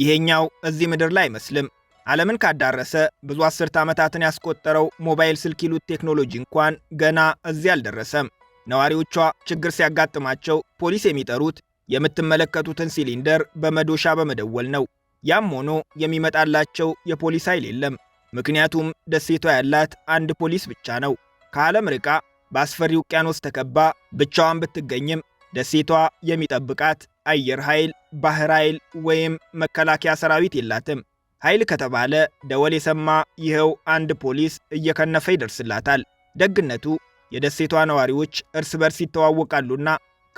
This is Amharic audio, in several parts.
ይሄኛው እዚህ ምድር ላይ አይመስልም። ዓለምን ካዳረሰ ብዙ አስርተ ዓመታትን ያስቆጠረው ሞባይል ስልክ ይሉት ቴክኖሎጂ እንኳን ገና እዚህ አልደረሰም። ነዋሪዎቿ ችግር ሲያጋጥማቸው ፖሊስ የሚጠሩት የምትመለከቱትን ሲሊንደር በመዶሻ በመደወል ነው። ያም ሆኖ የሚመጣላቸው የፖሊስ ኃይል የለም። ምክንያቱም ደሴቷ ያላት አንድ ፖሊስ ብቻ ነው። ከዓለም ርቃ በአስፈሪ ውቅያኖስ ተከባ ብቻዋን ብትገኝም ደሴቷ የሚጠብቃት አየር ኃይል፣ ባህር ኃይል ወይም መከላከያ ሰራዊት የላትም። ኃይል ከተባለ ደወል የሰማ ይኸው አንድ ፖሊስ እየከነፈ ይደርስላታል። ደግነቱ የደሴቷ ነዋሪዎች እርስ በርስ ይተዋወቃሉና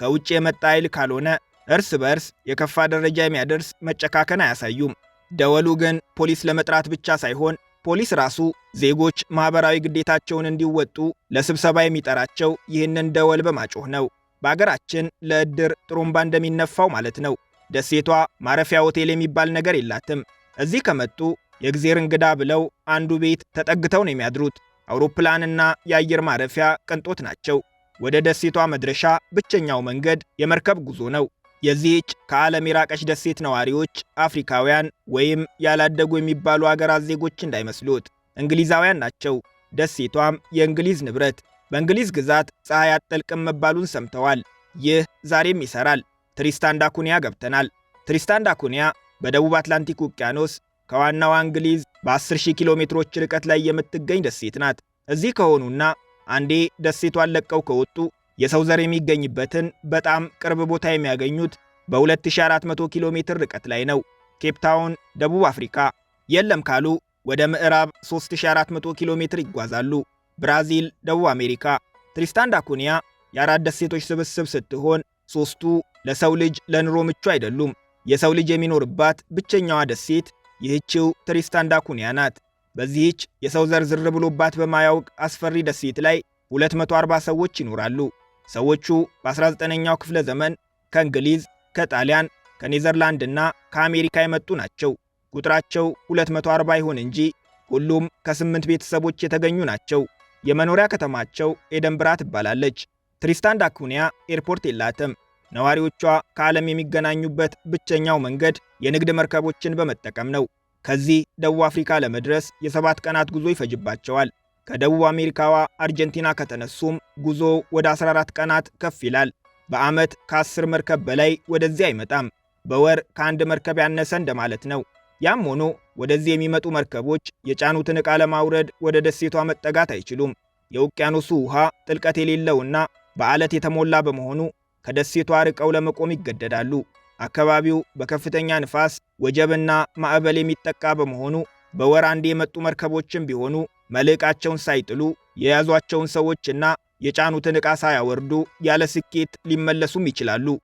ከውጭ የመጣ ኃይል ካልሆነ እርስ በርስ የከፋ ደረጃ የሚያደርስ መጨካከን አያሳዩም። ደወሉ ግን ፖሊስ ለመጥራት ብቻ ሳይሆን ፖሊስ ራሱ ዜጎች ማኅበራዊ ግዴታቸውን እንዲወጡ ለስብሰባ የሚጠራቸው ይህንን ደወል በማጮህ ነው። በአገራችን ለእድር ጥሩምባ እንደሚነፋው ማለት ነው። ደሴቷ ማረፊያ ሆቴል የሚባል ነገር የላትም። እዚህ ከመጡ የእግዜር እንግዳ ብለው አንዱ ቤት ተጠግተው ነው የሚያድሩት። አውሮፕላንና የአየር ማረፊያ ቅንጦት ናቸው። ወደ ደሴቷ መድረሻ ብቸኛው መንገድ የመርከብ ጉዞ ነው። የዚህች ከዓለም የራቀች ደሴት ነዋሪዎች አፍሪካውያን ወይም ያላደጉ የሚባሉ አገራት ዜጎች እንዳይመስሉት፣ እንግሊዛውያን ናቸው። ደሴቷም የእንግሊዝ ንብረት በእንግሊዝ ግዛት ፀሐይ አትጠልቅም መባሉን ሰምተዋል። ይህ ዛሬም ይሰራል። ትሪስታን ዳኩንያ ገብተናል። ትሪስታን ዳኩንያ በደቡብ አትላንቲክ ውቅያኖስ ከዋናዋ እንግሊዝ በ10,000 ኪሎ ሜትሮች ርቀት ላይ የምትገኝ ደሴት ናት። እዚህ ከሆኑና አንዴ ደሴቷን ለቀው ከወጡ የሰው ዘር የሚገኝበትን በጣም ቅርብ ቦታ የሚያገኙት በ2400 ኪሎ ሜትር ርቀት ላይ ነው። ኬፕታውን ደቡብ አፍሪካ። የለም ካሉ ወደ ምዕራብ 3400 ኪሎ ሜትር ይጓዛሉ። ብራዚል፣ ደቡብ አሜሪካ። ትሪስታን ዳኩንያ የአራት ደሴቶች ስብስብ ስትሆን ሦስቱ ለሰው ልጅ ለኑሮ ምቹ አይደሉም። የሰው ልጅ የሚኖርባት ብቸኛዋ ደሴት ይህችው ትሪስታን ዳኩንያ ናት። በዚህች የሰው ዘር ዝር ብሎባት በማያውቅ አስፈሪ ደሴት ላይ 240 ሰዎች ይኖራሉ። ሰዎቹ በ19ኛው ክፍለ ዘመን ከእንግሊዝ፣ ከጣሊያን፣ ከኔዘርላንድ እና ከአሜሪካ የመጡ ናቸው። ቁጥራቸው 240 ይሁን እንጂ ሁሉም ከስምንት ቤተሰቦች የተገኙ ናቸው። የመኖሪያ ከተማቸው ኤደንብራ ትባላለች። ትሪስታን ዳኩኒያ ኤርፖርት የላትም። ነዋሪዎቿ ከዓለም የሚገናኙበት ብቸኛው መንገድ የንግድ መርከቦችን በመጠቀም ነው። ከዚህ ደቡብ አፍሪካ ለመድረስ የሰባት ቀናት ጉዞ ይፈጅባቸዋል። ከደቡብ አሜሪካዋ አርጀንቲና ከተነሱም ጉዞ ወደ 14 ቀናት ከፍ ይላል። በዓመት ከ10 መርከብ በላይ ወደዚህ አይመጣም። በወር ከአንድ መርከብ ያነሰ እንደማለት ነው። ያም ሆኖ ወደዚህ የሚመጡ መርከቦች የጫኑትን ዕቃ ለማውረድ ወደ ደሴቷ መጠጋት አይችሉም። የውቅያኖሱ ውሃ ጥልቀት የሌለውና በዓለት የተሞላ በመሆኑ ከደሴቷ ርቀው ለመቆም ይገደዳሉ። አካባቢው በከፍተኛ ንፋስ ወጀብና ማዕበል የሚጠቃ በመሆኑ በወር አንድ የመጡ መርከቦችም ቢሆኑ መልዕቃቸውን ሳይጥሉ የያዟቸውን ሰዎችና የጫኑትን ዕቃ ሳያወርዱ ያለ ስኬት ሊመለሱም ይችላሉ።